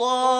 people.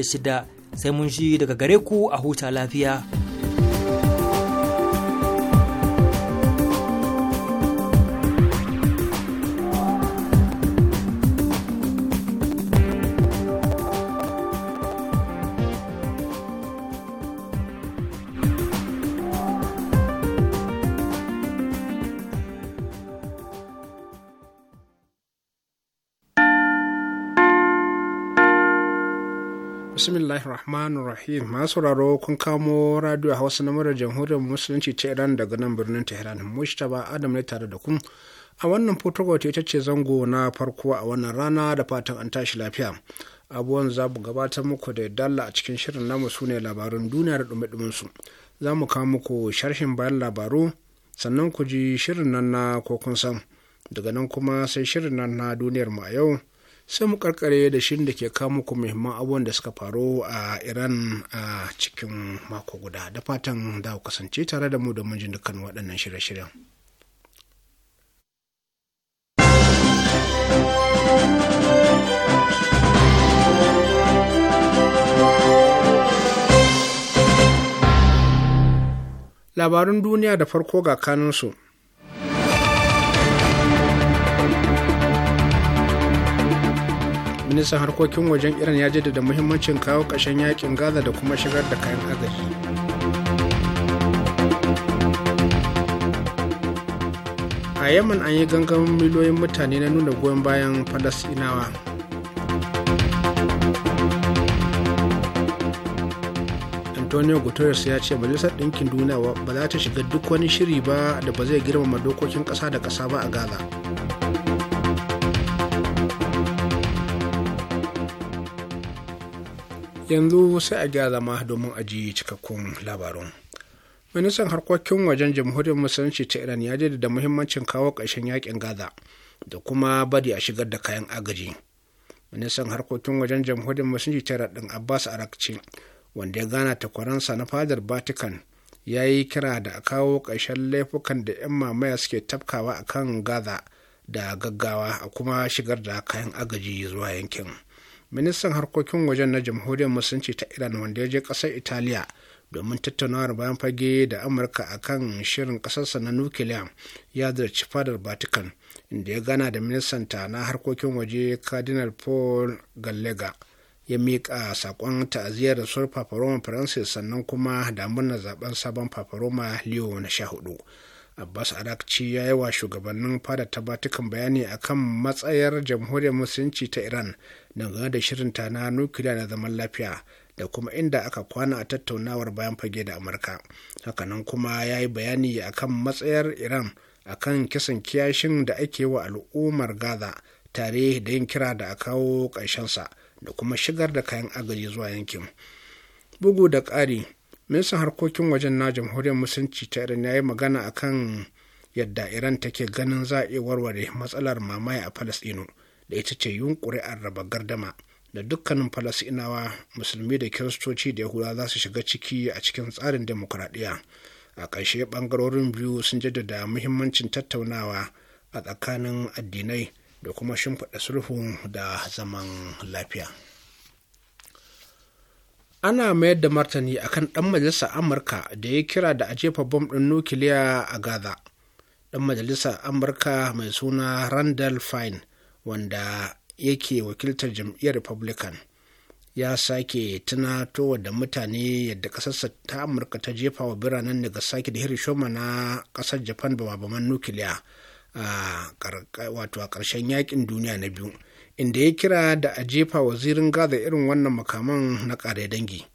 shida sai mun ji daga gare ku a huta lafiya. bismillahir rahmanir rahim masu raro kun kamo radio hausa na murar jamhuriyar musulunci ta iran daga nan birnin tehran ba adam ne tare da ku a wannan fotowa ita ce zango na farko a wannan rana da fatan an tashi lafiya abubuwan za mu gabatar muku da dalla a cikin shirin namu su ne labarun duniya da dumi su za mu kawo muku sharhin bayan labaru sannan ku ji shirin nan na kun san daga nan kuma sai shirin nan na duniyar mu a yau sai mu karkare da shin da ke kawo muku muhimman abubuwan da suka faru a iran a cikin mako guda da fatan da ku kasance tare da mu domin jin dukkan waɗannan shirye-shiryen labarun duniya da farko ga kanunsu ministan harkokin wajen iran ya jaddada muhimmancin kawo ƙarshen yakin gaza da kuma shigar da kayan agaji a yaman an yi gangamin miliyoyin mutane na nuna goyon bayan falasinawa antonio guterres ya ce majalisar ɗinkin duniya ba za ta shiga duk wani shiri ba da ba zai girmama dokokin ƙasa da ƙasa ba a gaza yanzu sai a gyara zama domin a ji cikakkun labarun ministan harkokin wajen jamhuriyar musulunci ta iran ya jaddada muhimmancin kawo ƙarshen yakin gaza da kuma bari a shigar da kayan agaji ministan harkokin wajen jamhuriyar musulunci ta iran ɗin abbas arakci wanda ya gana takwaransa na fadar vatican ya yi kira da a kawo ƙarshen laifukan da 'yan mamaya suke tafkawa a kan gaza da gaggawa a kuma shigar da kayan agaji zuwa yankin. ministan harkokin wajen na jamhuriyar musulunci ta iran wanda ya je ƙasar italiya domin tattaunawar bayan fage da amurka a kan shirin ƙasarsa na nukiliya ya zarci fadar vatican inda ya gana da ministanta na harkokin waje cardinal paul gallega ya miƙa saƙon ta'aziyar da sur paparoma francis sannan kuma damar na zaben sabon paparoma leo na sha hudu abbas arakci ya yi wa shugabannin fada ta bayani bayani kan matsayar jamhuriyar musulunci ta iran dangane da shirinta na nukiliya na zaman lafiya da kuma inda aka kwana a tattaunawar bayan fage da amurka hakanan kuma ya yi bayani a kan matsayar iran a kan kisan kiyashin da ake wa al'ummar gaza tare da yin kira da a kawo ƙarshensa da kuma shigar da kayan agaji zuwa yankin bugu da ƙari ministan harkokin wajen na jamhuriyar musulunci ta iran ya yi magana akan yadda iran take ganin za a warware matsalar mamaye a falasɗinu da ita ce yunkuri a raba gardama da dukkanin falasɗinawa musulmi da kiristoci da yahuda za su shiga ciki a cikin tsarin demokuraɗiyya a ƙarshe ɓangarorin biyu sun jaddada muhimmancin tattaunawa a tsakanin addinai da kuma shimfiɗa sulhu da zaman lafiya. ana mayar da martani akan ɗan majalisar amurka da ya kira da a jefa bom ɗin nukiliya a gaza ɗan majalisar amurka mai suna randall fine wanda yake wakiltar jam'iyyar republican ya sake tunatowa da mutane yadda kasarsa ta amurka ta jefa wa biranen sake da hiroshima na kasar japan ba baman nukiliya a ƙarshen yakin duniya na biyu inda ya kira da a jefa wazirin gaza irin wannan makaman na ƙare dangi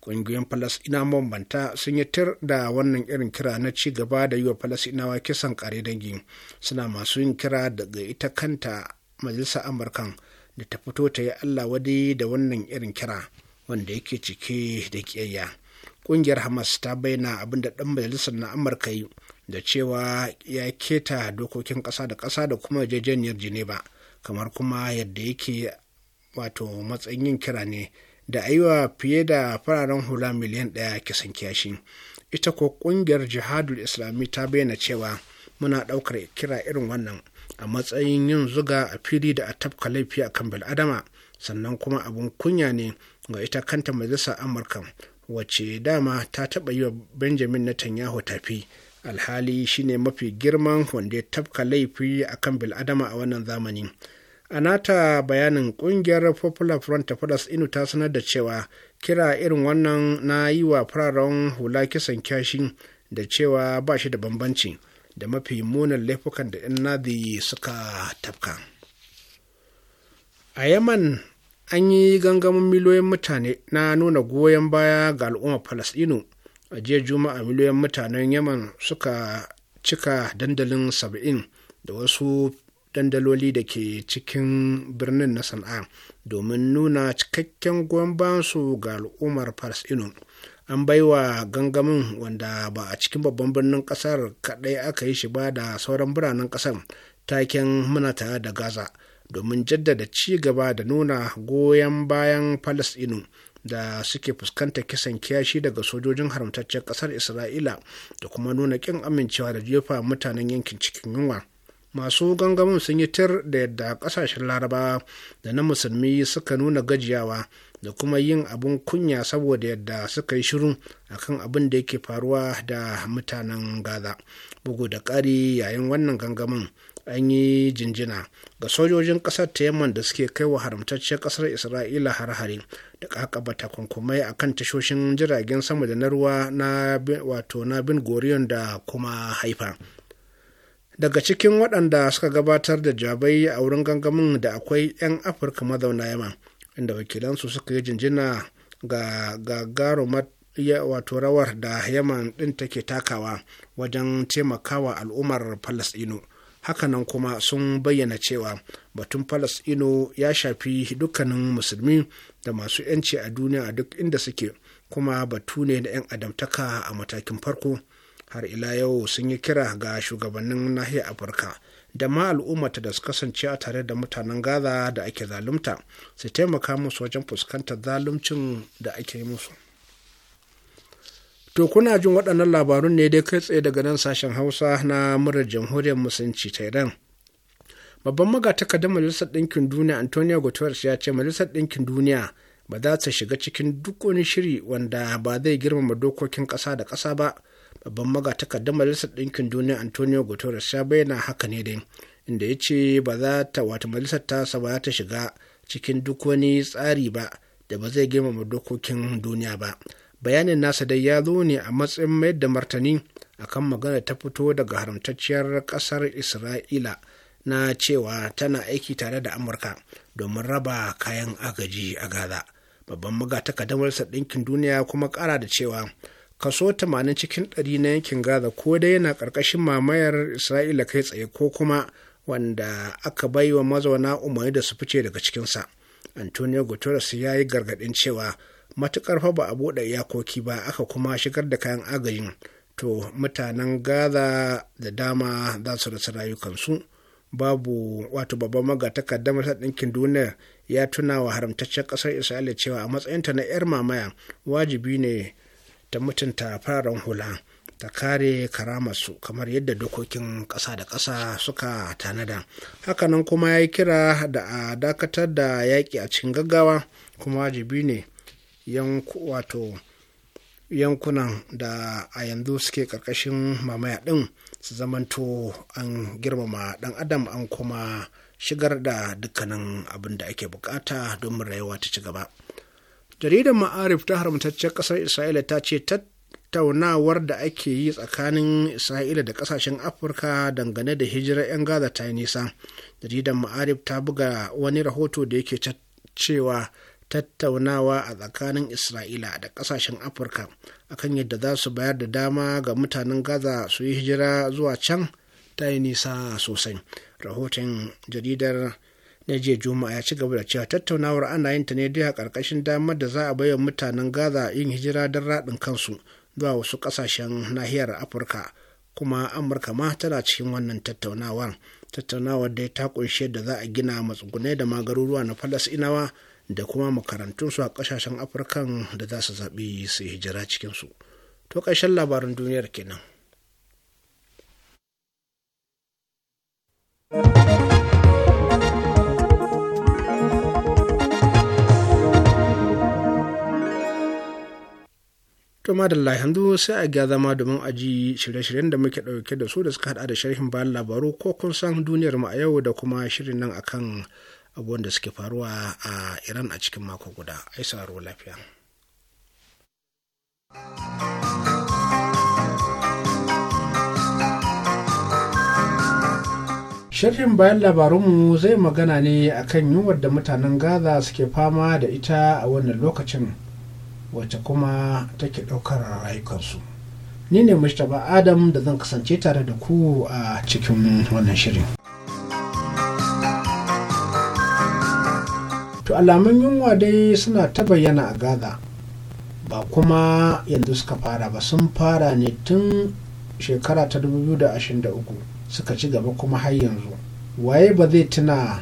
ƙungiyoyin falasina mambanta sun yi tir da wannan irin kira na ci gaba da yi wa falasɗinawa kisan ƙare dangi suna masu yin kira daga ita kanta majalisar amurkan da ta fito ta yi allah wadi da wannan irin kira wanda yake cike da ƙiyayya ƙungiyar hamas ta bayyana abin da ɗan majalisar na amurka yi da cewa ya keta dokokin ƙasa da ƙasa da kuma yarjejeniyar geneva kamar kuma yadda yake wato matsayin yin kira ne da aiwa fiye da fararen hula miliyan ɗaya kisan kiyashi ita ko ƙungiyar jihadul islami ta bayyana cewa muna ɗaukar kira irin wannan a matsayin yin zuga a fili da a tafka laifi a kan bil'adama sannan kuma abin kunya ne ga ita kanta majalisar amurka wacce dama ta taɓa yi wa benjamin netanyahu tafi alhali shine mafi girman wanda ya tafka laifi a kan bil'adama a wannan zamani a nata bayanin kungiyar popular front ta fadas inu ta sanar da cewa kira irin wannan na yi wa fararen hula kisan kyashi da cewa ba shi da bambanci da mafi munin laifukan da 'yan nadi suka tafka a yaman an yi gangamin miliyoyin mutane na nuna goyon baya ga al'ummar falasɗinu a jiya juma'a miliyoyin mutanen yaman suka cika dandalin saba'in da wasu dandaloli da ke cikin birnin na sana'a domin nuna cikakken goyon su ga al'ummar falasɗinu an baiwa gangamin wanda ba a cikin babban birnin kasar kadai aka yi shi ba da sauran biranen kasar taken muna tare da gaza domin jaddada ci gaba da nuna goyon bayan falasɗinu da suke fuskantar kisan kiyashi daga sojojin haramtaccen ƙasar isra'ila da kuma nuna ƙin amincewa da jefa mutanen yankin cikin yunwa masu gangamin sun yi tir da yadda ƙasashen larabawa da na musulmi suka nuna gajiyawa da kuma yin abin kunya saboda yadda suka yi shiru akan abin da yake faruwa da mutanen gaza bugu da ƙari yayin wannan gangamin an yi jinjina ga sojojin ƙasar ta yamman da suke kai wa haramtacciyar ƙasar isra'ila har-hare da ƙaƙaba kunkumai a kan tashoshin jiragen sama da na ruwa na wato na bin goriyon da kuma haifa daga cikin waɗanda suka gabatar da jabai a wurin gangamin da akwai 'yan afirka mazauna yamma inda wakilansu suka yi jinjina ga gagarumar wato rawar da yaman ɗin take takawa wajen taimakawa al'ummar falasɗinu hakanan kuma sun bayyana cewa batun falasɗinu ya shafi dukkanin musulmi da masu 'yanci a duniya a duk inda suke kuma batu ne da 'yan adamtaka a matakin farko har ila yau sun yi kira ga shugabannin nahiyar afirka da ma al'ummata da su kasance a tare da mutanen gaza da ake zalunta su taimaka musu wajen fuskantar zaluncin da ake yi musu to kuna jin waɗannan labarun ne dai kai tsaye daga nan sashen hausa na murar jamhuriyar musulunci ta iran babban magatakardar majalisar ɗinkin duniya antonio guterres ya ce majalisar ɗinkin duniya ba za ta shiga cikin duk wani shiri wanda ba zai girmama dokokin ƙasa da ƙasa ba babban magatakardar majalisar ɗinkin duniya antonio guterres ya bayyana haka ne dai inda ya ce ba za ta wata majalisar tasa ba ta shiga cikin duk wani tsari ba da ba zai girmama dokokin duniya ba bayanin nasa dai ya zo ne a matsayin mayar da martani akan magana ta fito daga haramtacciyar ƙasar isra'ila na cewa tana aiki tare da amurka domin raba kayan agaji a gaza babban magatakardar majalisar ɗinkin duniya kuma ƙara da cewa kaso 80 cikin 100 na yankin gaza ko dai yana ƙarƙashin mamayar isra'ila kai tsaye ko kuma wanda aka bai wa mazauna umarni da su fice daga cikinsa antonio guterres ya yi gargadin cewa matuƙar fa ba a buɗe iyakoki ba aka kuma shigar da kayan agajin to mutanen gaza da dama za su rasa rayukansu babu wato babban da ta ɗinkin duniya ya tuna wa haramtaccen ƙasar isra'ila cewa a matsayinta na 'yar mamaya wajibi ne ta mutunta fararen hula ta kare karamarsu kamar yadda dokokin ƙasa da ƙasa suka tanada hakanan kuma ya yi kira da a dakatar da yaƙi a cikin gaggawa kuma wajibi ne yankunan da a yanzu suke ƙarƙashin mamaya ɗin su zamanto an girmama ɗan adam an kuma shigar da dukkanin abin da ake bukata domin rayuwa ta ci gaba. jaridar ma'arif ta haramtaccen ƙasar isra'ila ta ce tattaunawar da ake yi tsakanin isra'ila da ƙasashen afirka dangane da hijirar 'yan gaza ta yi nisa jaridar ma'arif ta buga wani rahoto da yake cewa tattaunawa a tsakanin isra'ila da ƙasashen afirka akan yadda za su bayar da dama ga mutanen gaza su yi hijira zuwa can ta yi nisa sosai rahoton jaridar na jiya juma'a ya ci gaba da cewa tattaunawar ana yin ta ne dai a ƙarƙashin damar da za a bayar mutanen gaza yin hijira don raɗin kansu zuwa wasu ƙasashen nahiyar afirka kuma amurka ma tana cikin wannan tattaunawar tattaunawar dai ta ƙunshi da za a gina matsugunai da magaruruwa na falasinawa da kuma makarantunsu a ƙasashen afirkan da za su zaɓi su hijira cikinsu to ƙarshen labarin duniyar kenan. to madalla yanzu sai a gya zama domin a ji shirye-shiryen da muke ɗauke da su da suka hada da sharhin bayan labaru ko kun san duniyar mu a yau da kuma shirin nan akan abubuwan da suke faruwa a iran a cikin mako guda ai sauraro lafiya sharhin bayan labarunmu zai magana ne akan yunwar da mutanen gaza suke fama da ita a wannan lokacin wacce kuma take ɗaukar rayukansu ni ne mustapha adam da zan kasance tare da ku a cikin wannan shirin to alamun yunwa dai suna ta bayyana a gaza ba kuma yanzu suka fara ba sun fara ne tun shekara ta 2023 suka ci gaba kuma har yanzu waye ba zai tuna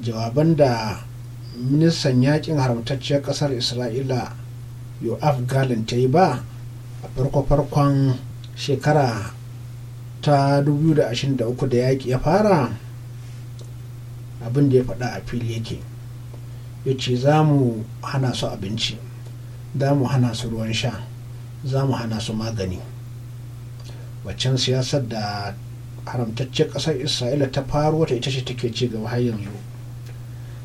jawaban da ministan yakin haramtacciyar kasar isra'ila yo'af galan ta yi ba a farko-farkon shekara ta 2023 da yaƙi ya fara abin da ya faɗa a fili yake ya ce za mu hana su abinci za mu hana su ruwan sha za mu hana su magani waccan siyasar da haramtaccen ƙasar isra'ila ta faro wata ita ce take ci gaba har yanzu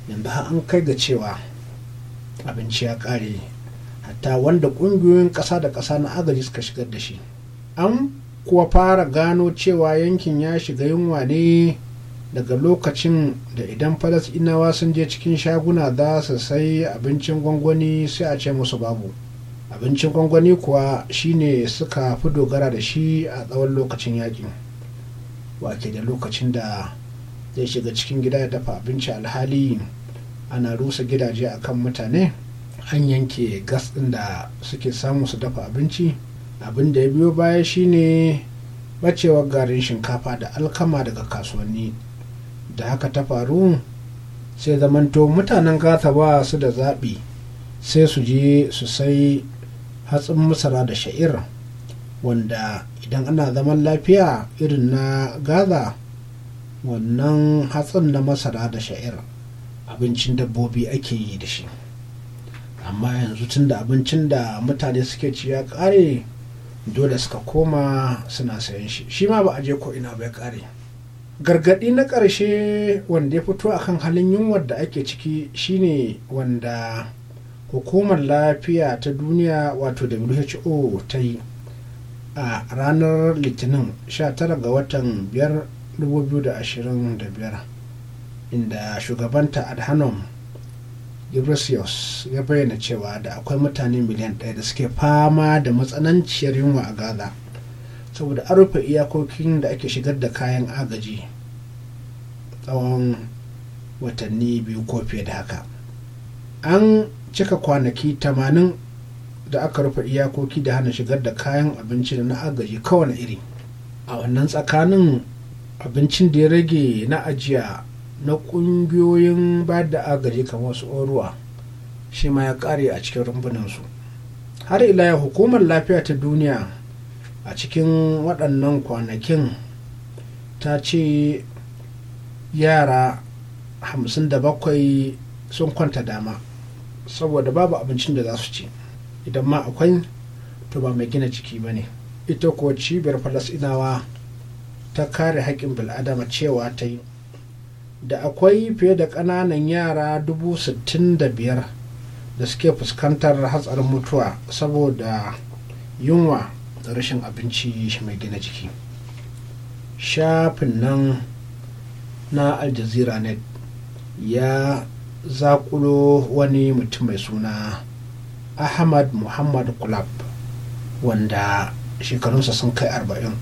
yanzu an kai ga cewa abinci ya ƙare hatta wanda ƙungiyoyin ƙasa da ƙasa na agaji suka shigar da shi an kuwa fara gano cewa yankin ya shiga yunwa ne daga lokacin da idan falasɗinawa sun je cikin shaguna za su sai abincin gwangwani sai a ce musu babu abincin gwangwani kuwa shine suka fi dogara da shi a tsawon lokacin yakin wake da lokacin da zai shiga cikin gida ya dafa abinci alhali ana rusa gidaje akan mutane an yanke gas ɗin da suke samu su dafa abinci abin da ya biyo baya shine bacewar garin shinkafa da alkama daga kasuwanni da haka ta faru sai zamanto mutanen gata ba su da zaɓi sai su je su sai hatsin masara da sha'ir wanda idan ana zaman lafiya irin na gaza wannan hatsin na masara da sha'ir abincin dabbobi ake yi da shi amma yanzu tun da abincin da mutane suke ci ya kare dole suka koma suna sayan shi shi ma ba a je ko'ina ina bai kare gargaɗi na ƙarshe wanda ya fito akan halin yunwar da ake ciki shine wanda hukumar lafiya ta duniya wato who ta yi a ranar litinin 19 ga watan 5 2025 inda shugabanta adhanom gibrasius ya bayyana cewa da akwai mutane miliyan ɗaya da suke fama da matsananciyar yunwa a Gaza saboda an rufe iyakokin da ake shigar da kayan agaji tsawon watanni biyu ko fiye da haka. An cika kwanaki tamanin da aka rufe iyakoki da hana shigar da kayan abinci da na agaji kowane iri. A wannan tsakanin abincin da ya rage na ajiya na ƙungiyoyin ba da agaji kamar su oruwa shi ma ya ƙare a cikin su har ila ya hukumar lafiya ta duniya a cikin waɗannan kwanakin ta ce yara 57 sun kwanta dama saboda babu abincin da za su ci idan ma akwai to ba mai gina jiki ba ne ita ko cibiyar falasinawa ta kare haƙƙin bil'adama cewa ta yi da akwai fiye da ƙananan yara dubu sittin da biyar da suke fuskantar hatsarin mutuwa saboda yunwa da rashin abinci mai gina jiki shafin nan na aljazeera net ya zakulo wani mutum mai suna ahmad muhammad kulab wanda shekarunsa sun kai arba'in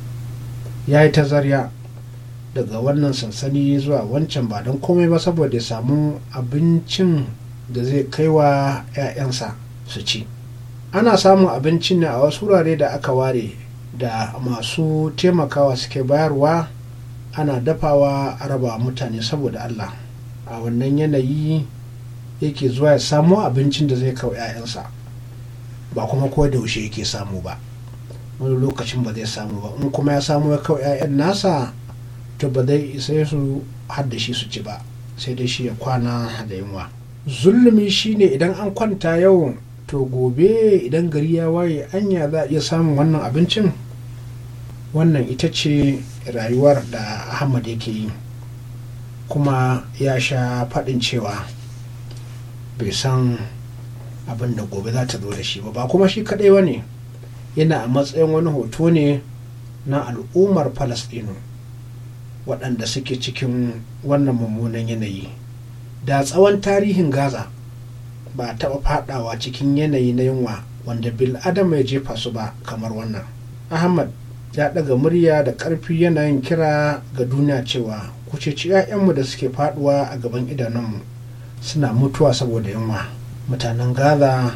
ya yi ta zarya daga wannan sansani zuwa wancan ba don komai ba saboda ya samu abincin da zai kaiwa 'ya'yansa su ci ana samun abincin ne a wasu wurare da aka ware da masu taimakawa suke bayarwa ana dafawa a raba mutane saboda allah a wannan yanayi yake zuwa ya samo abincin da zai kawo 'ya'yansa ba kuma ko da yaushe yake samu ba wani lokacin ba zai samu ba in kuma ya samu ya kawo 'ya'yan nasa to ba zai isa su shi su ci ba sai dai shi ya kwana da yunwa zulumi shine idan an kwanta yau to gobe idan gari ya waye anya za a iya samun wannan abincin wannan ita ce rayuwar da ahmad yake yi kuma ya sha faɗin cewa bai san abin da gobe za ta zo da shi ba ba kuma shi kaɗai ba yana a matsayin wani hoto ne na al'ummar falasɗinu waɗanda suke cikin wannan mummunan yanayi da tsawon tarihin gaza ba a taɓa faɗawa cikin yanayi na yunwa wanda bil adam ya jefa su ba kamar wannan ahmad ya ɗaga murya da ƙarfi yanayin kira ga duniya cewa ceci 'ya'yanmu da suke faɗuwa a gaban idanunmu suna mutuwa saboda yunwa mutanen gaza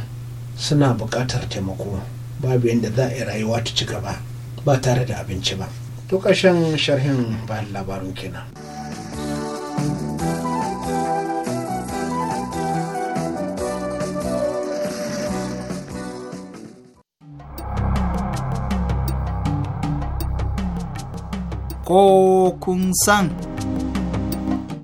suna buƙatar taimako babu yadda za a yi rayuwa ta ci gaba ba tare da abinci ba to ƙashin sharhin bayan labarun kenan. Ko kun san.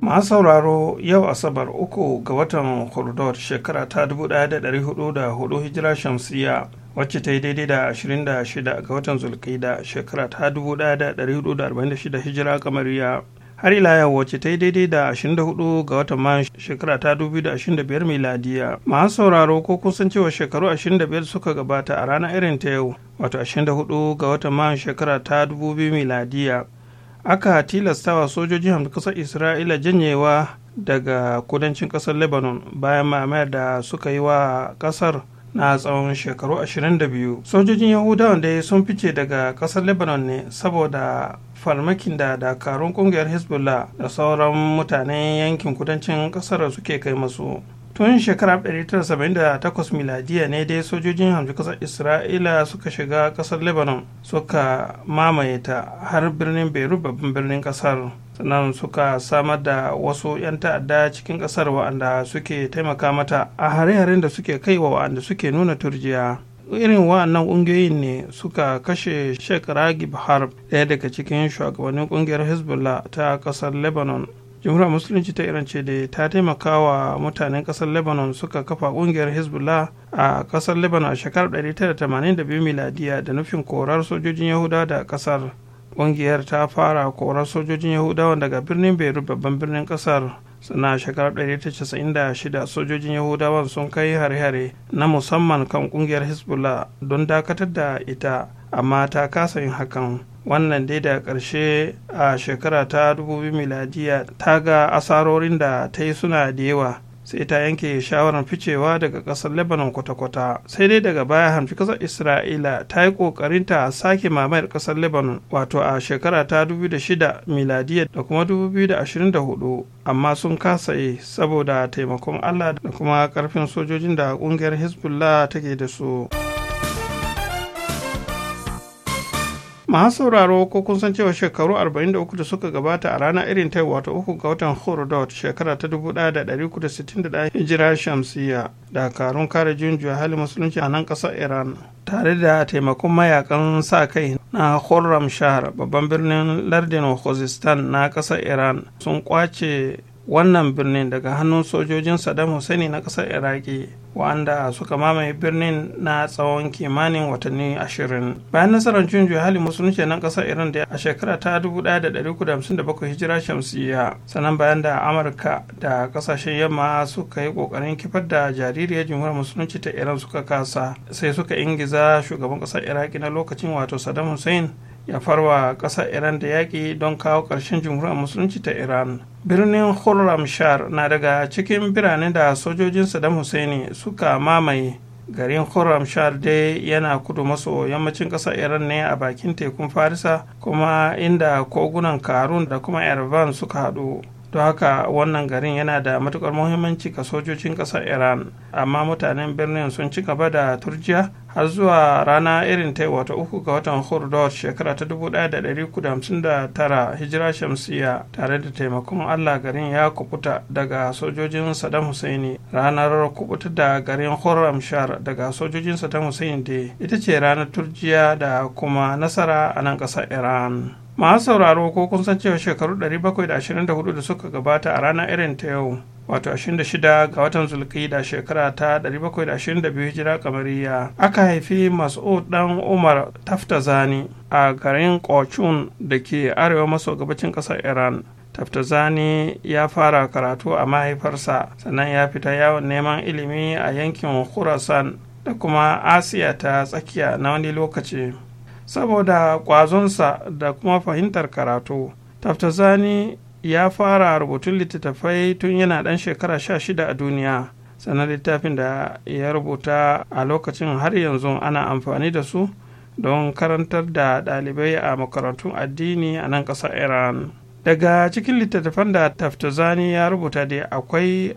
Masu sauraro yau Asabar uku ga watan Hurdor shekara ta 1404 hijira shamsiyya wacce ta yi daidai da 26 ga watan zulkaida shekara ta 1446 hijira kamariya har ila yau wacce ta yi daidai da 24 ga watan mayan shekara ta 2025 miladiya masu sauraro ko kun san cewa shekaru 25 suka gabata a ranar irin ta yau wato 24 ga watan mayan shekara ta 2000 miladiya aka tilastawa sojojin hamdu kasar isra'ila janyewa daga kudancin kasar lebanon bayan mamayar da suka yi wa kasar na tsawon shekaru 22 sojojin yahudawan dai sun fice daga kasar lebanon ne saboda farmakin da dakarun kungiyar hezbollah da sauran mutane yankin kudancin kasar suke kai masu tun shekara 1978 miladiya ne dai sojojin hamshi kasar isra'ila suka shiga kasar lebanon suka mamaye ta har birnin beirut babban birnin kasar sannan suka samar da wasu 'yan ta'adda cikin ƙasar wa'anda suke taimaka mata a hare-haren da suke kai wa wa'anda suke nuna turjiya irin wa'annan ƙungiyoyin ne suka kashe sheikh ragib harb ɗaya daga cikin shugabannin ƙungiyar hezbollah ta ƙasar lebanon jamhuriyar musulunci ta iran ce da ta taimaka wa mutanen ƙasar lebanon suka kafa ƙungiyar hezbollah a ƙasar lebanon a shekarar 1982 miladiya da nufin korar sojojin yahuda da ƙasar. kungiyar ta fara korar sojojin yahudawa daga birnin beirut babban birnin kasar suna shekarar 1996 sojojin yahudawan sun kai hare-hare na musamman kan kungiyar hezbollah don dakatar da ita amma ta kasa yin hakan wannan dai da karshe a shekara ta 2000 miladiya ta ga asarorin da ta yi suna da yawa sai ta yanke shawarar ficewa daga ƙasar lebanon kwata-kwata sai dai daga baya hamshi ƙasar isra'ila ta yi ƙoƙarin ta sake mamayar ƙasar lebanon wato a shekara ta 2006 miladiyya da kuma 2024 amma sun kasa yi saboda taimakon allah da kuma karfin sojojin da ƙungiyar hezbollah take da su. masu sauraro ko kun san cewa shekaru 43 da suka gabata a ranar irin ta wato uku ga watan hurdot shekara ta 1961 hijira shamsiya dakarun kare jinjiya hali musulunci a nan ƙasar iran tare da taimakon mayakan sa kai na khurram shahar babban birnin lardin khuzistan na ƙasar iran sun kwace wannan birnin daga hannun sojojin Saddam Hussein na ƙasar Iraki wanda suka mamaye birnin na tsawon kimanin watanni ashirin. Bayan nasarar jin hali musulunci na ƙasar Iran da a shekara ta 1957 hijira shamsiyya sannan bayan da Amurka da ƙasashen yamma suka yi ƙoƙarin kifar da jaririyar jimhuriyar musulunci ta Iran suka kasa sai suka ingiza shugaban ƙasar Iraki na lokacin wato Saddam Hussein ya farwa ƙasar iran da yaƙi don kawo ƙarshen jumhuriyar musulunci ta iran birnin hurram-shar na daga cikin biranen da sojojin saddam hussein suka mamaye garin shar dai yana kudu maso yammacin ƙasar iran ne a bakin tekun farisa kuma inda kogunan karun da kuma ervan suka haɗu to haka wannan garin yana da matukar muhimmanci ga sojojin ƙasar iran amma mutanen birnin sun ci gaba da turjiya har zuwa rana irin ta wata uku ga watan hurdor shekara ta 1959 hijira shamsiya tare da taimakon allah garin ya kubuta daga sojojin saddam husaini ranar kubuta da garin huramshar daga sojojin saddam husaini ita ce ranar turjiya da kuma nasara a nan ƙasar iran masu sauraro ko kun san cewa shekaru 724 da suka gabata a ranar irin ta yau wato 26 ga watan da shekara ta 722 hijira kamariya aka haifi mas'ud dan umar taftazani a garin kochun da ke arewa maso gabacin ƙasar iran taftazani ya fara karatu a mahaifarsa sannan ya fita yawon neman ilimi a yankin khurasan da kuma asiya ta tsakiya na wani lokaci saboda sa da kuma fahimtar karatu taftazani ya fara rubutun littattafai tun yana ɗan shekara sha shida a duniya sannan littafin da ya rubuta a lokacin har yanzu ana amfani da su don karantar da ɗalibai a makarantun addini a nan ƙasar iran daga cikin littattafan da taftazani ya rubuta da akwai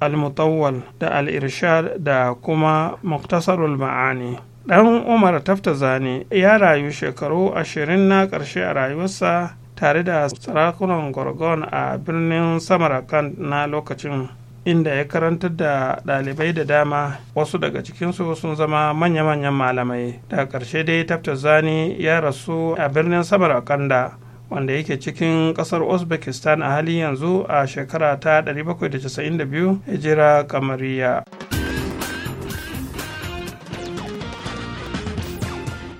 almutawal da al-irshad da kuma muktasarul ma'ani ɗan umar tafta zane ya rayu shekaru ashirin na ƙarshe a rayuwarsa tare da sarakunan gorgon a birnin samarkand na lokacin inda ya karantar da ɗalibai da dama wasu daga cikinsu sun zama manya-manyan malamai daga ƙarshe dai taftazani ya rasu a birnin Kanda, wanda yake cikin ƙasar uzbekistan a hali yanzu a shekara ta 792 hijira kamariya.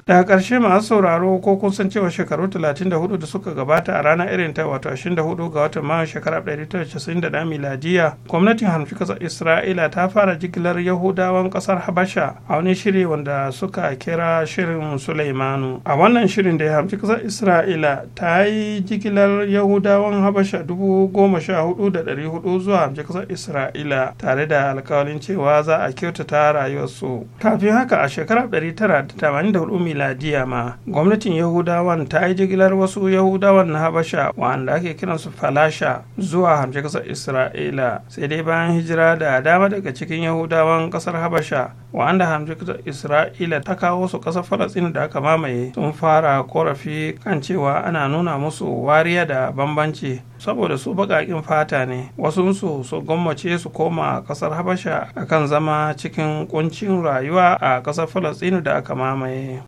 daga ƙarshe masu sauraro ko kun san cewa shekaru 34 da suka gabata a ranar irin ta wato 24 ga watan mayu shekarar 1991 miladiya gwamnatin hamshi ƙasar isra'ila ta fara jigilar yahudawan ƙasar habasha a wani shiri wanda suka kira shirin suleimanu a wannan shirin da ya hamshi ƙasar isra'ila ta yi jigilar yahudawan habasha dubu goma sha hudu da ɗari hudu zuwa hamshi ƙasar isra'ila tare da alkawalin cewa za a kyautata rayuwarsu kafin haka a shekarar 1984 miladiya ma gwamnatin yahudawan ta yi jigilar wasu yahudawan na habasha wanda ake kiran su falasha zuwa hamshe kasar isra'ila sai dai bayan hijira da dama daga cikin yahudawan kasar habasha wanda hamshe kasar isra'ila ta kawo su kasar falastin da aka mamaye sun fara korafi kan cewa ana nuna musu wariya da bambanci saboda su baƙaƙin fata ne wasunsu su gwammace su koma ƙasar habasha akan zama cikin ƙuncin rayuwa a ƙasar falasɗinu da aka mamaye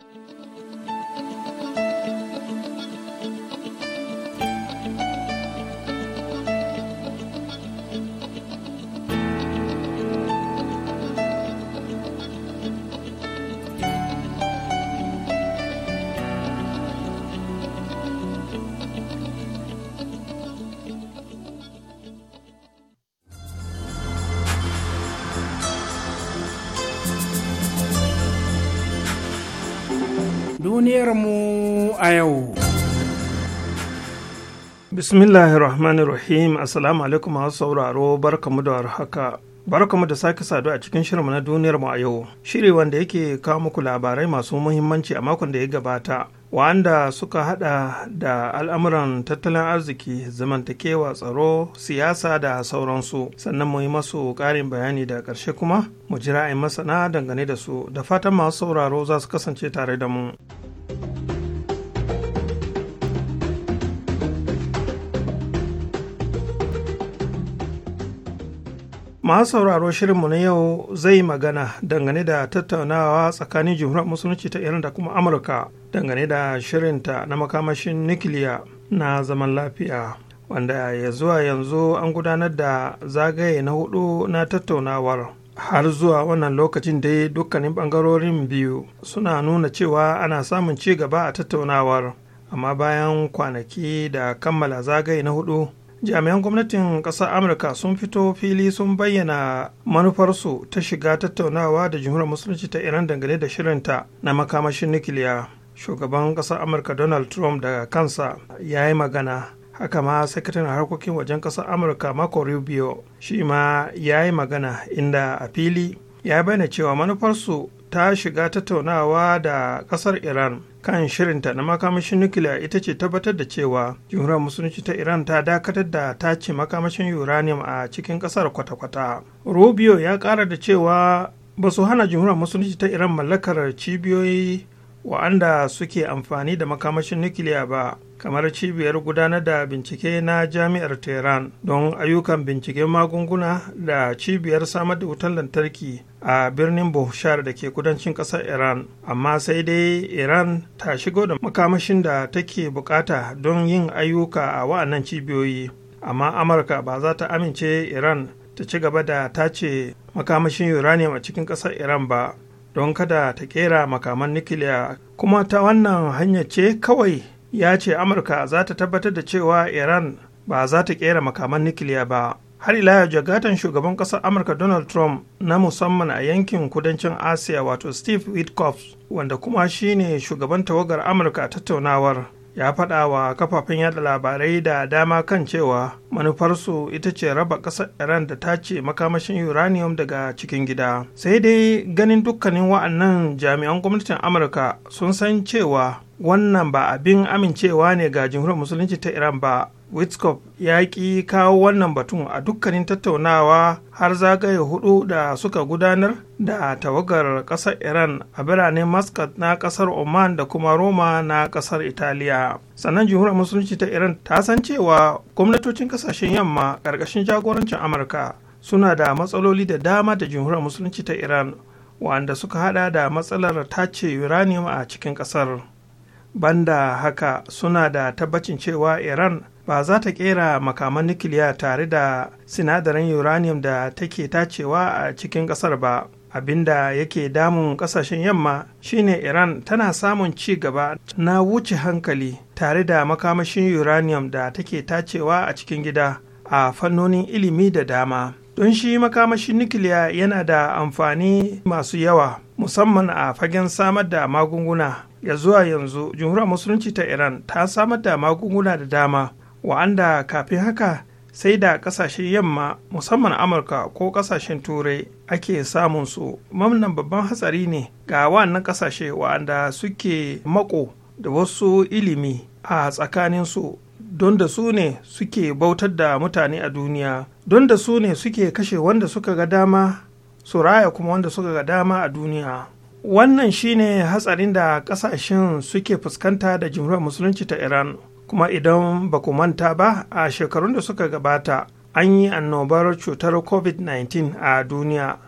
yau. Bismillahirrahmanirrahim Assalamu alaikum masu sauraro barkamu da warhaka. Barkamu da sake saduwa a cikin shirinmu na duniyar mu a yau. Shiri wanda yake kawo muku labarai masu muhimmanci a makon da ya gabata. Wanda suka hada da al'amuran tattalin arziki, zamantakewa, tsaro, siyasa da sauransu. Sannan mu yi masu ƙarin bayani da ƙarshe kuma mu ji ra'ayin masana dangane da su da fatan masu sauraro za su kasance tare da mu. masu sauraro shirinmu na yau zai magana dangane da tattaunawa tsakanin jumhuriyar musulunci ta iran da kuma amurka dangane da shirinta na makamashin nukiliya na zaman lafiya wanda ya zuwa yanzu an gudanar da zagaye na hudu na tattaunawar har zuwa wannan lokacin dai dukkanin bangarorin biyu suna nuna cewa ana samun ci gaba a tattaunawar amma bayan kwanaki da kammala zagaye na hudu jami'an gwamnatin ƙasar amurka sun fito fili sun bayyana manufarsu ta shiga tattaunawa da jumhuriyar musulunci ta iran dangane da shirinta na makamashin nukiliya shugaban ƙasar amurka donald trump daga kansa ya yi magana haka ma sakataren harkokin wajen ƙasar amurka marco rubio shi ma ya yi magana inda a fili ya bayyana cewa manufarsu ta shiga tattaunawa da ƙasar iran kan shirinta na makamashin nukiliya ita ce tabbatar da cewa jumhuriyar musulunci ta iran ta dakatar da tace makamashin uranium a cikin kasar kwata-kwata rubio ya kara da cewa ba su hana jumhuriyar musulunci ta iran mallakar cibiyoyi wa'anda suke amfani da makamashin nukiliya ba kamar cibiyar gudanar da bincike na jami'ar tehran don ayyukan binciken magunguna da cibiyar samar da wutar lantarki a birnin bohushar da ke kudancin kasar iran amma sai dai iran ta shigo da makamashin da take bukata don yin ayyuka a wa'annan cibiyoyi amma amurka ba za ta amince iran ta ci gaba da tace makamashin uranium a cikin kasar iran ba don kada ta kera makaman nukiliya kuma ta wannan hanya ce kawai ya ce amurka za ta tabbatar da cewa iran ba za ta kera makaman nukiliya ba har ila yau jagatan shugaban kasar amurka donald trump na musamman a yankin kudancin asiya wato steve witkoff wanda kuma shine shugaban tawagar amurka a tattaunawar ya faɗa wa kafafen yada labarai da dama kan cewa manufarsu ita ce raba ƙasar iran da ta ce makamashin uranium daga cikin gida sai dai ganin dukkanin wa'annan jami'an gwamnatin amurka sun san cewa wannan ba abin amincewa ne ga jamhuriyar musulunci ta iran ba Witskop ya ƙi kawo wannan batun a dukkanin tattaunawa har zagaye hudu da suka gudanar da tawagar ƙasar Iran a biranen Muscat na ƙasar Oman da kuma Roma na ƙasar Italiya. Sannan jihura musulunci ta Iran ta san cewa gwamnatocin ƙasashen yamma ƙarƙashin jagorancin Amurka suna da matsaloli da dama da jihura musulunci ta Iran wanda suka hada da matsalar tace uranium a cikin ƙasar. banda haka suna da tabbacin cewa iran ba za ta kera makaman nukiliya tare da sinadarin uranium da take tacewa a cikin kasar ba abinda yake damun kasashen yamma shine iran tana samun ci gaba na wuce hankali tare da makamashin uranium da take tacewa a cikin gida a fannonin ilimi da dama don shi makamashin nukiliya yana da amfani masu yawa musamman a fagen samar da magunguna ya zuwa yanzu jumhuriyar musulunci ta iran ta samar da magunguna da dama wa'anda kafin haka sai da kasashen yamma musamman amurka ko kasashen turai ake samun su mamnan babban hatsari ne ga wannan kasashe wa'anda suke mako da wasu ilimi a tsakanin su don da su ne suke bautar da mutane a duniya don da su ne suke kashe wanda suka ga dama su raya kuma wanda suka ga dama a duniya wannan shine hatsarin da kasashen suke fuskanta da jimhuriyar musulunci ta iran kuma idan ba ku manta ba a shekarun da suka gabata an yi annobar cutar covid-19 a duniya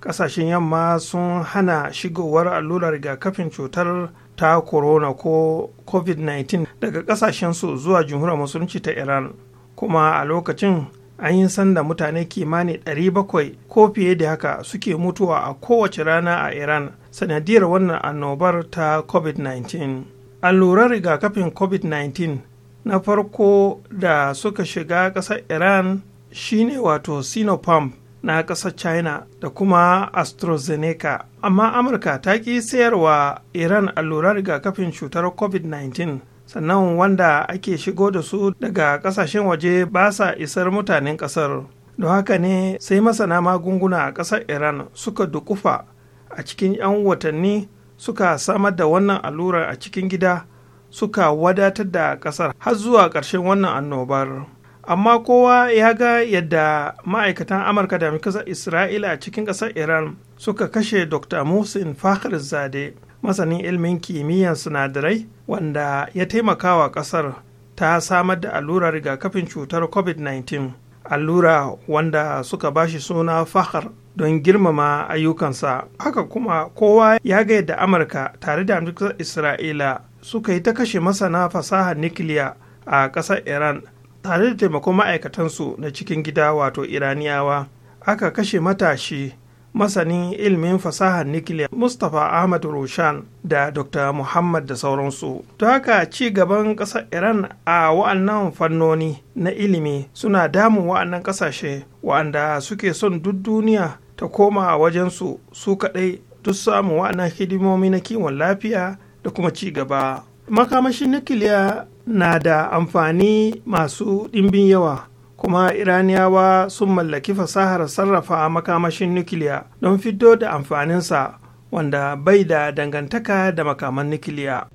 kasashen yamma sun hana shigowar allurar rigakafin cutar ta corona ko covid-19 daga su zuwa jimhuriyar musulunci ta iran kuma a lokacin an yi sanda mutane kimanin 700 ko fiye da haka suke mutuwa a kowace rana a iran sanadiyar wannan annobar ta covid-19 allurar rigakafin covid-19 na farko da suka shiga ƙasar iran shine wato sinopharm na ƙasar china da kuma astrazeneca amma amurka ta ƙi sayarwa iran allurar rigakafin cutar covid-19 sannan wanda ake shigo da su daga kasashen waje ba sa isar mutanen kasar don haka ne sai masana magunguna a kasar iran suka dukufa a cikin 'yan watanni suka samar da wannan allurar a cikin gida suka wadatar da kasar har zuwa ƙarshen wannan annobar amma kowa ya ga yadda ma'aikatan amurka da kasar isra'ila a cikin kasar iran suka kashe dr musin fakhrizade masanin ilmin kimiyyar sinadarai wanda ya taimaka wa ƙasar ta samar da allurar rigakafin cutar covid-19 allura wanda suka bashi suna fahar don girmama ayyukansa haka kuma kowa ya ga yadda amurka tare da amurkar isra'ila suka yi ta kashe masana fasahar nikiliya a ƙasar iran tare da taimakon ma'aikatansu na cikin gida wato iraniyawa aka kashe matashi masanin ilimin fasahar nukiliya. mustapha ahmad roshan da dr muhammad da sauransu to haka ci gaban ƙasar iran a wa'annan fannoni na ilimi suna damun wa'annan ƙasashe wa'anda suke son duk duniya ta koma wajensu su kaɗai duk samun wa'annan hidimomi na kiwon lafiya da kuma ci gaba makamashin nukiliya na da amfani masu ɗimbin yawa kuma iraniyawa sun mallaki fasahar sarrafa makamashin nukiliya don fito da amfaninsa wanda bai da dangantaka da makaman nukiliya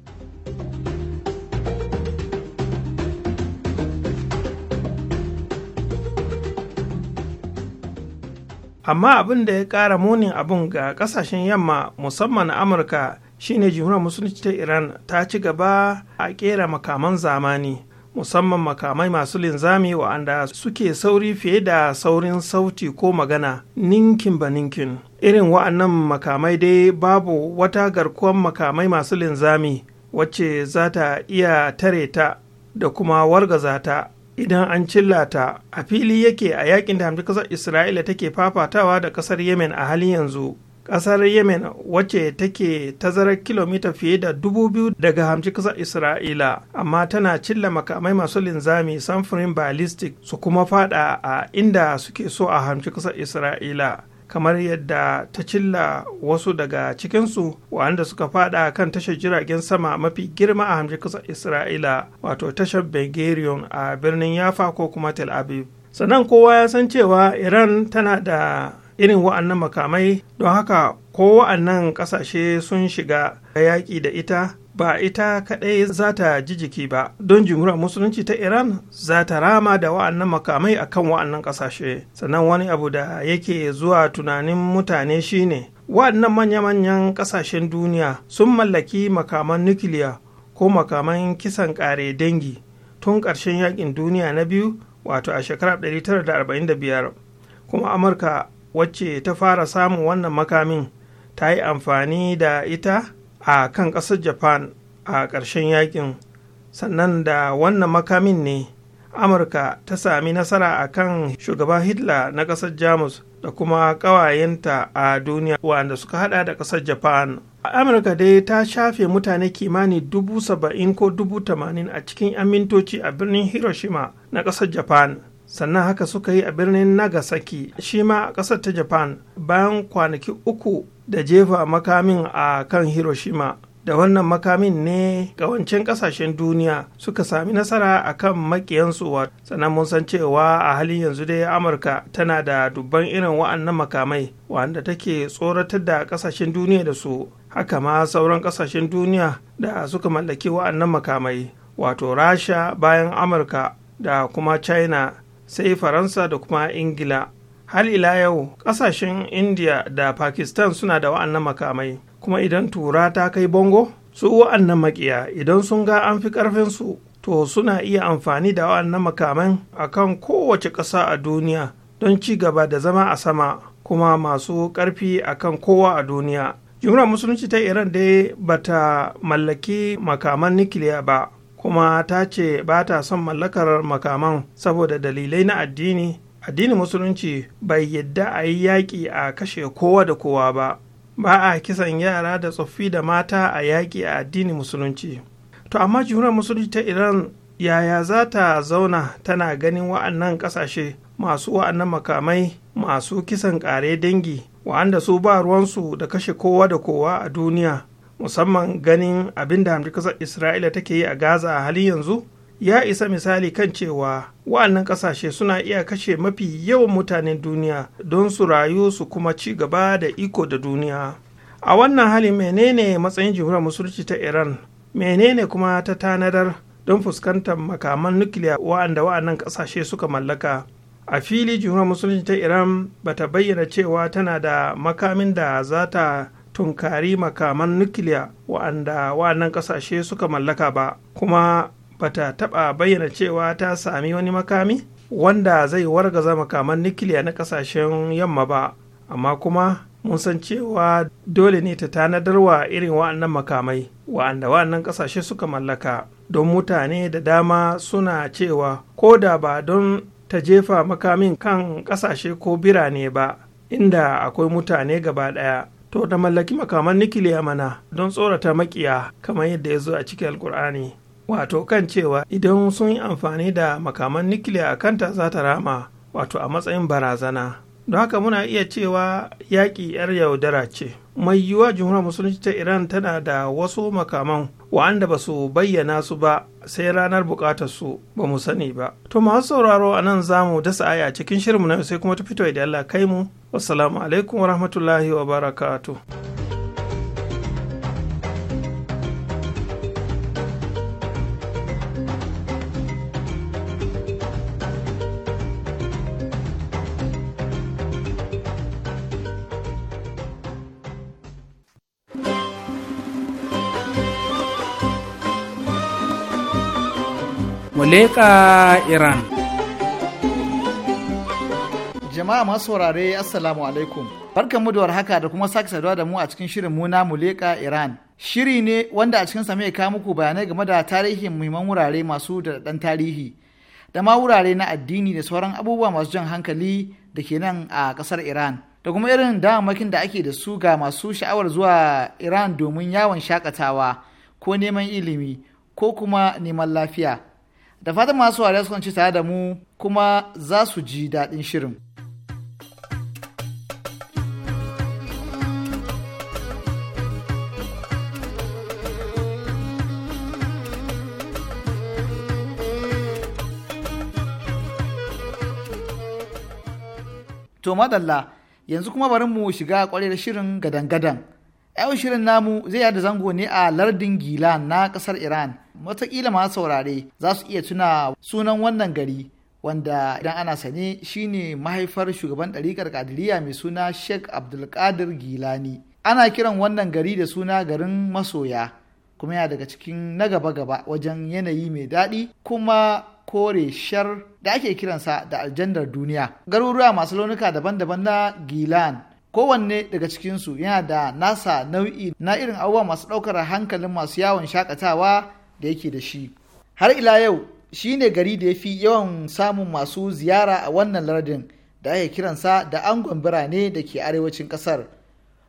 amma abin da ya ƙara munin abin ga ƙasashen yamma musamman amurka shine jimhuriyar musulunci ta iran ta ci gaba a ƙera makaman zamani musamman makamai masu linzami wa'anda suke sauri fiye da saurin sauti ko magana ninkin ba ninkin irin wa'annan makamai dai babu wata garkuwar makamai masu linzami wacce za ta iya tare ta da kuma wargaza ta idan an cilla ta a fili yake a yakin da hamdi kasar isra'ila take fafatawa da kasar yemen a halin yanzu ƙasar yemen wacce take tazarar kilomita fiye da dubu biyu daga hamci ƙasar isra'ila amma tana cilla makamai masu linzami samfurin ballistic su kuma fada a inda suke so a hamci ƙasa isra'ila kamar yadda ta cilla wasu daga cikinsu waɗanda suka fada kan tashar jiragen sama mafi girma a hamci ƙasar isra'ila wato tashar bengeriyon a birnin yafa ko kuma tel aviv sannan kowa ya san cewa iran tana da irin wa'annan makamai don haka ko wa'annan ƙasashe sun shiga yaƙi da ita ba ita kaɗai za ta ji ba don jimura musulunci ta iran za ta rama da wa'annan makamai a kan wa'annan ƙasashe sannan wani abu da yake zuwa tunanin mutane shine wa'annan manya-manyan ƙasashen duniya sun mallaki makaman nukiliya ko makaman kisan ƙare dangi tun ƙarshen yaƙin duniya na biyu wato a shekarar 1945 kuma amurka wacce ta fara samun wannan makamin ta yi amfani da ita a kan ƙasar japan a ƙarshen yakin sannan da wannan makamin ne amurka ta sami nasara a kan shugaba hitler na ƙasar jamus da kuma ƙawayenta a duniya wanda suka hada da ƙasar japan amurka dai ta shafe mutane kimanin dubu saba'in ko dubu tamanin a cikin amintoci a birnin hiroshima na ƙasar japan sannan haka suka yi a birnin nagasaki shi ma a ƙasar ta japan bayan kwanaki uku da jefa makamin a kan hiroshima da wannan makamin ne wancan ƙasashen duniya suka sami nasara a kan makiyansu sannan mun san cewa a halin yanzu dai amurka tana da dubban irin wa'annan makamai wanda take tsoratar da ƙasashen duniya da su haka ma sauran ƙasashen duniya da suka mallaki wa'annan makamai wato rasha bayan amurka da kuma china sai faransa da kuma ingila har ila yau ƙasashen india da pakistan suna da wa'annan makamai kuma idan tura ta kai bongo su wa'annan makiya idan sun ga an fi ƙarfinsu to suna iya amfani da wa'annan makaman kan kowace ƙasa a duniya don ci gaba da zama a sama kuma masu ƙarfi kan kowa a duniya jumhuriyar musulunci ta iran dai bata mallaki makaman nikiliya ba kuma ta ce ba ta son mallakar makaman saboda dalilai na addini addinin musulunci bai yadda a yi yaƙi a kashe kowa da kowa ba ba a kisan yara da tsoffi da mata a yaƙi a addinin musulunci to amma jihunar musulunci ta iran yaya za ta zauna tana ganin wa'annan ƙasashe masu wa'annan makamai masu kisan ƙare dangi wa'anda su ba ruwansu da kashe kowa da kowa a duniya musamman ganin abin da Kasar isra'ila take yi a gaza a halin yanzu ya isa misali kan cewa wa'annan kasashe suna iya kashe mafi yawan mutanen duniya don su rayu su kuma ci gaba da iko da duniya a wannan hali menene matsayin jimhuriyar musulunci ta iran menene kuma ta tanadar don fuskantar makaman nukiliya wa'anda wa'annan kasashe suka mallaka a fili jimhuriyar musulunci ta iran bata bayyana cewa tana da makamin da za ta tunkari makaman nukiliya wa'anda wa'annan ƙasashe suka mallaka ba kuma bata taɓa bayyana cewa ta sami wani makami wanda zai wargaza makaman nukiliya na ƙasashen yamma ba amma kuma mun san cewa dole ne ta tanadar wa irin wa'annan makamai wa'anda wa'annan ƙasashe suka mallaka don mutane da dama suna cewa ko da ba don ta jefa makamin kan ƙasashe ko birane ba inda akwai mutane gaba ɗaya to da mallaki makaman nikiliya mana don tsorata makiya kamar yadda ya zo a cikin alkur'ani wato kan cewa idan sun yi amfani da makaman nikiliya a kanta za ta rama wato a matsayin barazana don haka muna iya cewa yaƙi 'yar yaudara ce mai yiwuwa jumhuriyar musulunci ta iran tana da wasu makaman wa'anda ba su bayyana su ba sai ranar bukatar su ba mu sani ba to masu sauraro a nan za mu dasa aya cikin shirin mu na sai kuma ta fito idan allah kai mu wassalamu alaikum wa rahmatullahi wa Mu leƙa Iran. jama'a masu saurare assalamu alaikum barkan mu da haka da kuma sake saduwa da mu a cikin shirin muna muleka iran shiri ne wanda a cikin mai kawo muku bayanai game da tarihin muhimman wurare masu da dan tarihi da ma wurare na addini da sauran abubuwa masu jan hankali da ke nan a kasar iran da kuma irin damammakin da ake da su ga masu sha'awar zuwa iran domin yawon shakatawa ko neman ilimi ko kuma neman lafiya da fatan masu wariya sukan ci tare da mu kuma za su ji daɗin shirin. To madalla yanzu kuma bari mu shiga kwarar shirin gadan-gadan. Yau shirin namu zai yada zango ne a lardin Gilan na kasar Iran. Wataƙila masu saurare za su iya tuna sunan wannan gari wanda idan ana sane shine mahaifar shugaban ɗariƙar Kadiriyya mai suna Sheikh Abdulkadir Gilani. Ana kiran wannan gari da suna garin masoya kuma yana daga cikin na gaba-gaba wajen yanayi mai daɗi kuma kore shar da ake kiransa da aljandar duniya garuruwa masu launuka daban-daban na gilan kowanne daga cikinsu yana da nasa nau'i na irin abubuwa masu ɗaukar hankalin masu yawon shakatawa da yake da shi har ila yau shi ne gari da ya fi yawan samun masu ziyara a wannan lardin da ake kiransa da angon birane da ke arewacin ƙasar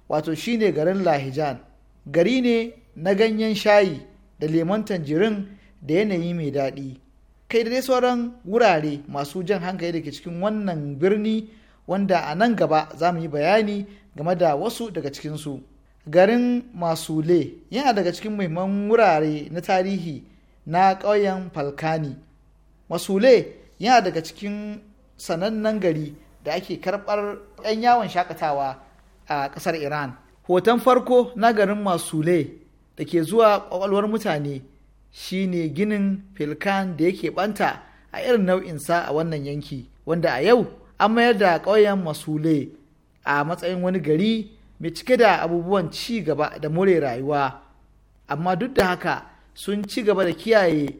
wato shi ne garin lahijan gari ne na ganyen shayi da lemon tanjirin da yanayi mai daɗi kai da dai sauran wurare masu jan hankali da ke cikin wannan birni wanda a nan gaba za mu yi bayani game da wasu daga cikinsu garin masule yana daga cikin muhimman wurare na tarihi na ƙauyen falkani masule yana daga cikin sanannen gari da ake karɓar 'yan yawon shakatawa a ƙasar iran hoton farko na garin masule da ke zuwa ƙwaƙwalwar mutane shine ginin filkan da yake banta a irin nau'insa a wannan yanki wanda a yau an mayar da ƙauyen masule a matsayin wani gari mai cike da abubuwan ci gaba da more rayuwa amma duk da haka sun ci gaba da kiyaye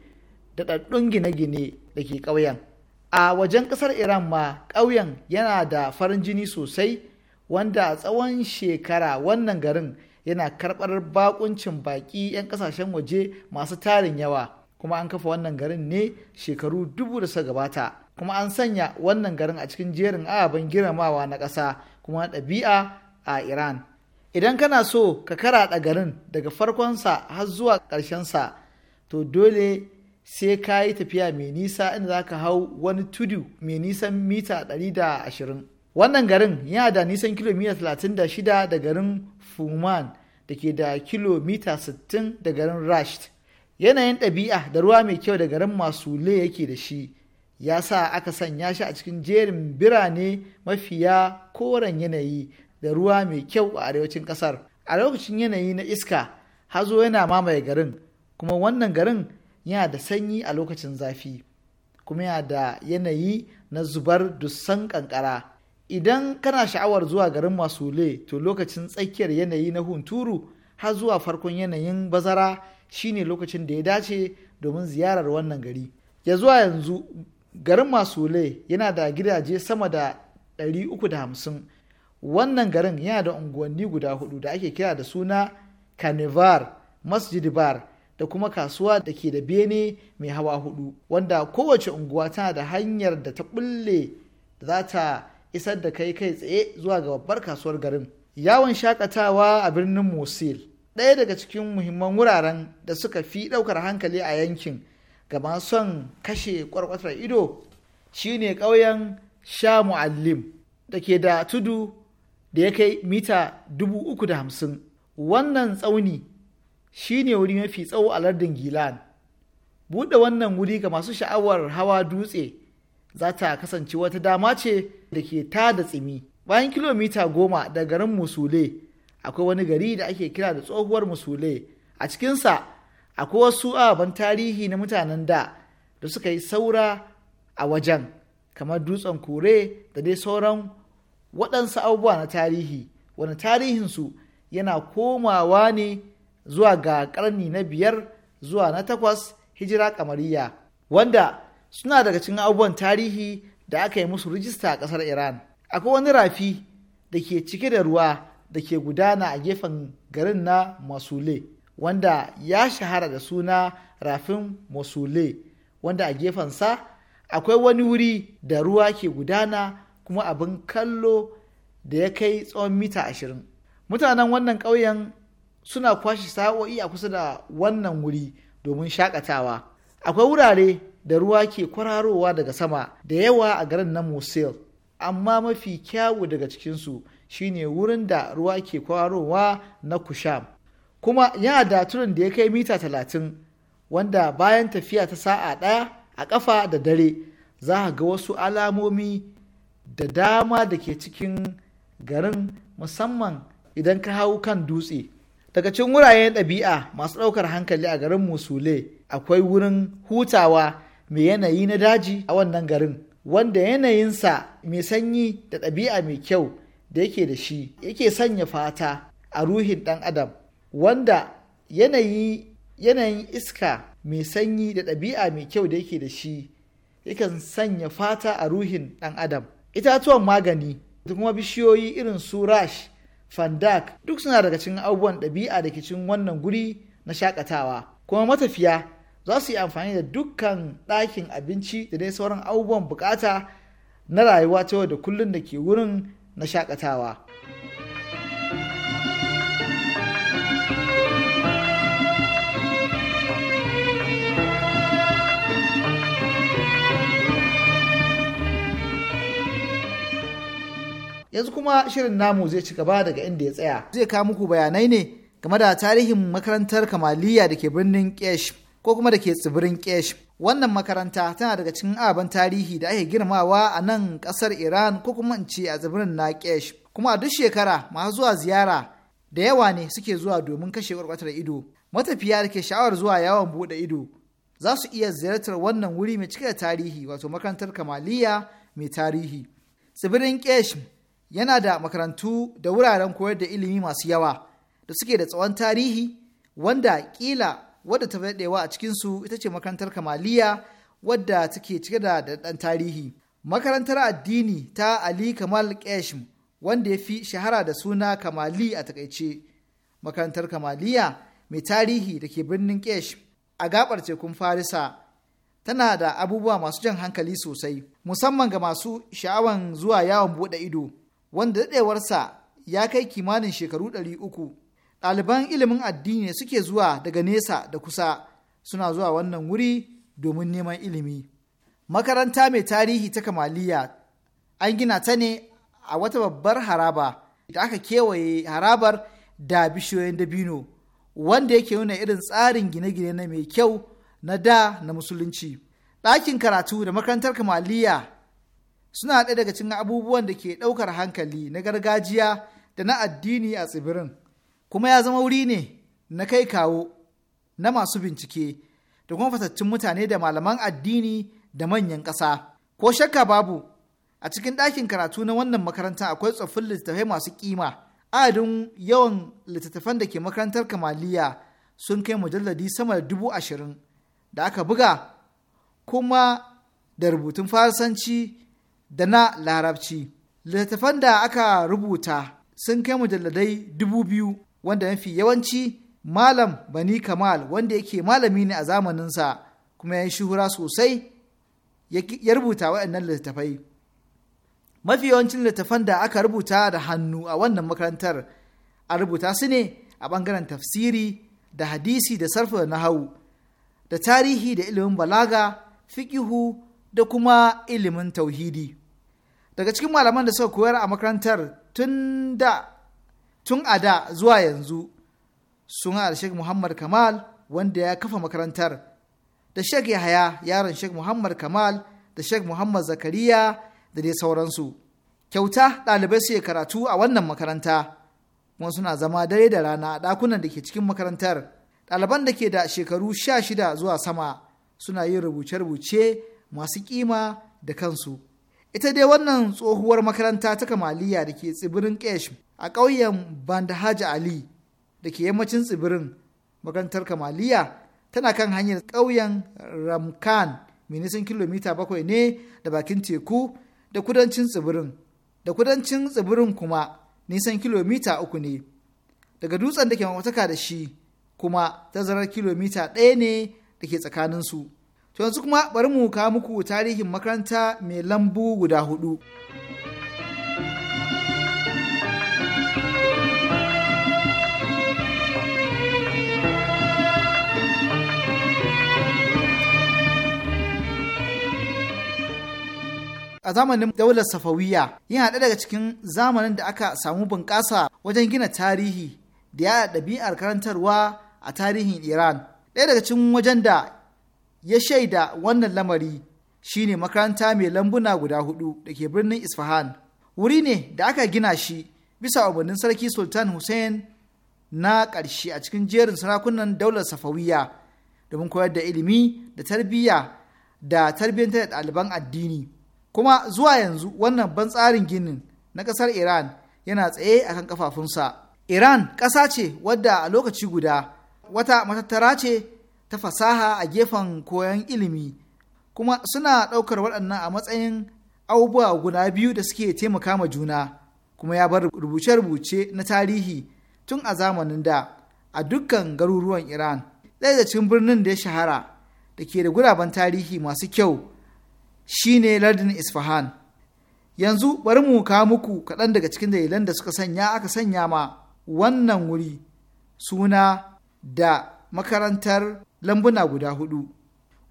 daɗaɗɗun gine-gine da ke ƙauyen a wajen ƙasar iran ma ƙauyen yana da farin jini sosai wanda tsawon shekara wannan garin yana karɓar bakuncin baƙi 'yan kasashen waje masu tarin yawa kuma an kafa wannan garin ne shekaru dubu da gabata kuma an sanya wannan garin a cikin jerin ababen girmamawa na ƙasa kuma ɗabi'a a iran idan kana so ka karaɗa garin daga farkonsa har zuwa ƙarshensa to dole sai ka yi tafiya mai nisa inda za ka hau wani tudu mai nisan mita 120 wannan garin yana da nisan kilomita 36 da garin fuman da ke da kilomita 60 da garin rasht yanayin ɗabi'a da ruwa mai kyau da garin masule yake da shi ya sa aka sanya shi a cikin jerin birane mafiya koren yanayi da ruwa mai kyau a arewacin ƙasar a lokacin yanayi na iska hazo yana mamaye garin kuma wannan garin yana da sanyi a lokacin zafi kuma yana da yanayi na zubar dusan ƙanƙara idan kana sha'awar zuwa garin masule to lokacin tsakiyar yanayi na hunturu har zuwa farkon yanayin bazara shine lokacin da ya dace domin ziyarar wannan gari ya zuwa yanzu garin masule yana da gidaje sama da 350 wannan garin yana da unguwanni guda hudu da ake kira da suna kanivar masjid bar da kuma kasuwa da ke da bene mai hawa hudu wanda kowace unguwa tana da hanyar da ta bulle za ta isar da kai kai tsaye zuwa ga babbar kasuwar garin yawon shakatawa a birnin mosul ɗaya daga cikin muhimman wuraren da suka fi ɗaukar hankali a yankin gama son kashe kwarkwatar ido shine ƙauyen sha mu'allim da ke da tudu da ya kai mita dubu uku da hamsin wannan tsauni shine wuri mafi tsawo a lardin gilan buɗe wannan wuri ga masu sha'awar hawa dutse za ta kasance wata dama ce da ke ta da tsimi bayan kilomita goma da garin musule akwai wani gari da ake kira da tsohuwar musule a cikinsa akwai wasu ababen tarihi na mutanen da da suka yi saura a wajen kamar dutsen kore da dai sauran waɗansu abubuwa na tarihi wani tarihinsu yana komawa ne zuwa ga ƙarni na biyar zuwa na takwas hijira kamariya wanda suna daga cikin abubuwan tarihi da aka yi musu rijista a ƙasar iran akwai wani rafi da ke cike da ruwa da ke gudana a gefen garin na masule wanda ya shahara da suna rafin masule wanda a gefen sa akwai wani wuri da ruwa ke gudana kuma abin kallo da ya kai tsawon mita ashirin mutanen wannan ƙauyen suna kwashe sa'o'i a kusa da wannan wuri domin shakatawa akwai wurare da ruwa ke kwararowa daga sama da yawa a garin na mosul amma mafi kyawu daga cikinsu shine wurin da ruwa ke kwararowa na kusham kuma yana da turin da ya kai mita talatin wanda bayan tafiya ta sa'a ɗaya a ƙafa da dare za a ga wasu alamomi da dama da ke cikin garin musamman idan ka hau kan dutse daga cikin wuraren ɗabi'a masu ɗaukar hankali a garin musule akwai wurin hutawa mai yanayi na daji a wannan garin wanda yanayinsa mai sanyi da ɗabi'a mai kyau da yake da shi yake sanya fata a ruhin ɗan adam wanda yanayi yanayin iska mai sanyi da ɗabi'a mai kyau da yake da shi yakan sanya fata a ruhin ɗan adam itatuwan magani da kuma bishiyoyi irin su rash fandak duk suna daga cikin abubuwan ɗabi'a da ke cikin wannan guri na shakatawa kuma matafiya za su yi amfani da dukkan ɗakin abinci da dai sauran abubuwan bukata na rayuwa ta yau da kullum da ke wurin na shakatawa. yanzu kuma shirin namu zai ci gaba daga inda ya tsaya zai kawo muku bayanai ne game da tarihin makarantar kamaliya da ke birnin kesh ko kuma da ke tsibirin kesh wannan makaranta tana daga cikin aban tarihi da ake girmawa a nan kasar iran ko kuma in ce a tsibirin na kesh kuma a duk shekara masu zuwa ziyara da yawa ne suke zuwa domin kashe kwarkwatar ido matafiya da ke sha'awar zuwa yawon buɗe ido za su iya ziyartar wannan wuri mai cike da tarihi wato makarantar kamaliya mai tarihi tsibirin kesh yana da makarantu da wuraren koyar da ilimi masu yawa da suke da tsawon tarihi wanda kila wadda ta daɗewa a cikinsu ita ce makarantar kamaliya wadda take cike da daɗan tarihi makarantar addini ta ali kamal keshim wanda ya fi shahara da suna kamali a takaice makarantar kamaliya mai tarihi da ke birnin kesh a gabar tekun farisa tana da abubuwa masu jan hankali sosai musamman ga masu sha'awan zuwa yawon buɗe ido wanda daɗewarsa ya kai kimanin shekaru ɗari uku ɗaliban ilimin addini suke zuwa daga nesa da kusa suna zuwa wannan wuri domin neman ilimi. Makaranta mai tarihi ta Kamaliya an gina ta ne a wata babbar haraba da aka kewaye harabar da bishiyoyin dabino wanda yake nuna irin tsarin gine-gine na mai kyau na da na musulunci. Ɗakin karatu da makarantar Kamaliya suna ɗaya daga cikin abubuwan da ke ɗaukar hankali na gargajiya da na addini a tsibirin. kuma ya zama wuri ne na kai kawo na masu bincike da kuma fatattun mutane da malaman addini da manyan ƙasa. Ko shakka babu a cikin ɗakin karatu na wannan makarantar akwai tsoffin littattafai masu kima adadin yawan littattafan da ke makarantar kamaliya sun kai mujalladi sama da dubu ashirin da aka buga kuma da rubutun farsanci da na larabci littattafan da aka rubuta sun kai mujalladai dubu biyu wanda mafi yawanci malam bani kamal wanda yake malami ne a zamaninsa kuma ya yi shuhura sosai ya rubuta waɗannan littattafai mafi yawancin littattafan da aka rubuta da hannu a wannan makarantar a rubuta su ne a bangaren tafsiri da hadisi da sarfa da nahawu da tarihi da ilimin balaga fikihu da kuma ilimin tauhidi daga cikin malaman da suka koyar a makarantar tun da tun a da zuwa yanzu sun da Sheikh Muhammad Kamal wanda ya kafa makarantar da Sheikh Yahaya yaron Sheikh Muhammad Kamal da Sheikh Muhammad Zakariya da dai sauransu. Kyauta ɗalibai su karatu a wannan makaranta kuma suna zama dare da rana a ɗakunan da ke cikin makarantar. Ɗaliban da ke da shekaru sha shida zuwa sama suna yin rubuce-rubuce masu kima da kansu ita dai wannan tsohuwar makaranta ta kamaliya da ke tsibirin kesh a ƙauyen bandahaji ali da ke yammacin tsibirin makarantar kamaliya tana kan hanyar ƙauyen ramkan mai nisan kilomita bakwai ne da bakin teku da kudancin tsibirin da kudancin tsibirin kuma nisan kilomita uku ne daga dutsen da ke mamataka da shi kuma tazarar kilomita ɗaya ne da ke tsakaninsu To yanzu kuma bari mu kawo muku tarihin makaranta mai lambu guda hudu. a zamanin daular safawiya yana haɗe daga cikin zamanin da aka samu bunƙasa wajen gina tarihi da ya ɗabi'ar karantarwa a tarihin iran ɗaya daga cikin wajen da ya shaida wannan lamari shine makaranta mai lambuna guda hudu da ke birnin Isfahan. Wuri ne da aka gina shi bisa umarnin sarki Sultan Hussein na ƙarshe a cikin jerin sarakunan daular safawiya domin koyar da ilimi da tarbiyya da tarbiyyantar da ɗaliban addini. Kuma zuwa yanzu wannan ban tsarin ginin na ƙasar Iran yana tsaye a kan ƙafafunsa. Iran ƙasa ce wadda a lokaci guda wata matattara ce ta fasaha a gefen koyon ilimi kuma suna ɗaukar waɗannan a matsayin abubuwa guda biyu da suke taimaka ma juna kuma ya bar rubuce-rubuce na tarihi tun a zamanin da a dukkan garuruwan iran ɗaya da cikin birnin da ya shahara da ke da guraben tarihi masu kyau shine lardin isfahan yanzu bari mu kawo muku kaɗan daga cikin dalilan da suka sanya aka sanya ma wannan wuri suna da makarantar lambuna guda hudu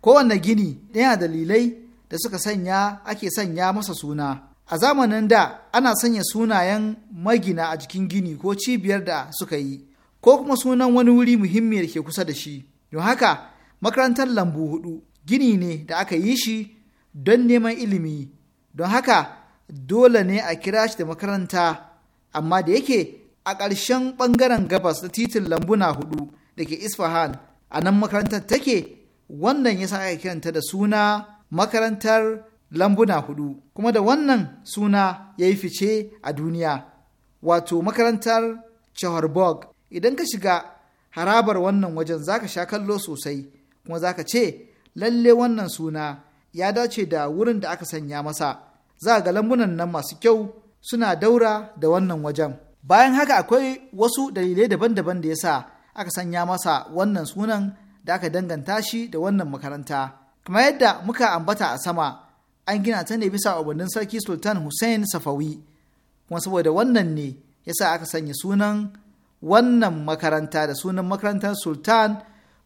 kowane gini ɗaya dalilai da suka sanya ake sanya masa suna a zamanin da ana sanya sunayen magina a jikin gini ko cibiyar da suka yi ko kuma sunan wani wuri muhimmi da ke kusa da shi don haka makarantar lambu hudu gini ne da aka yi shi don neman ilimi don haka dole ne a kira shi da makaranta amma da yake a ƙarshen ɓangaren gabas da titin lambuna hudu da ke isfahan a nan makarantar take wannan ya sa aka kiranta da suna makarantar lambuna hudu kuma da wannan suna ya yi fice a duniya wato makarantar Chaharborg idan ka shiga harabar wannan wajen zaka sha kallo sosai kuma zaka ce lalle wannan suna ya dace da wurin da aka sanya masa za ga lambunan nan masu kyau suna daura da wannan wajen bayan haka akwai wasu dalilai daban-daban da ya sa aka sanya masa wannan sunan da aka danganta shi da wannan makaranta kamar yadda muka ambata a sama an gina ta ne bisa umarnin sarki sultan hussein safawi kuma saboda wannan ne yasa aka sanya sunan wannan makaranta da sunan makarantar sultan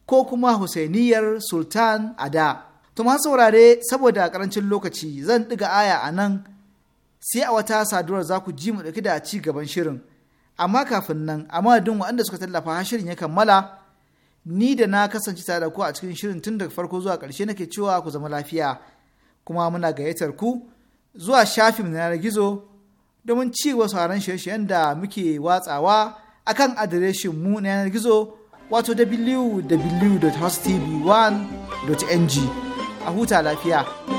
ko kuma husainiyar sultan a da saurare saboda karancin lokaci zan ɗiga aya a nan sai a wata saduwar za ku ji mu ɗauki da ci gaban shirin amma kafin nan a madadin waɗanda suka tallafa har shirin ya kammala ni da na kasance tare da ku a cikin shirin tun daga farko zuwa ƙarshe nake cewa ku zama lafiya kuma muna gayyatar ku zuwa shafin na gizo domin ci wasu haran shirye-shiryen da muke watsawa akan adireshin mu na yanar gizo wato www.hostv1.ng a huta lafiya.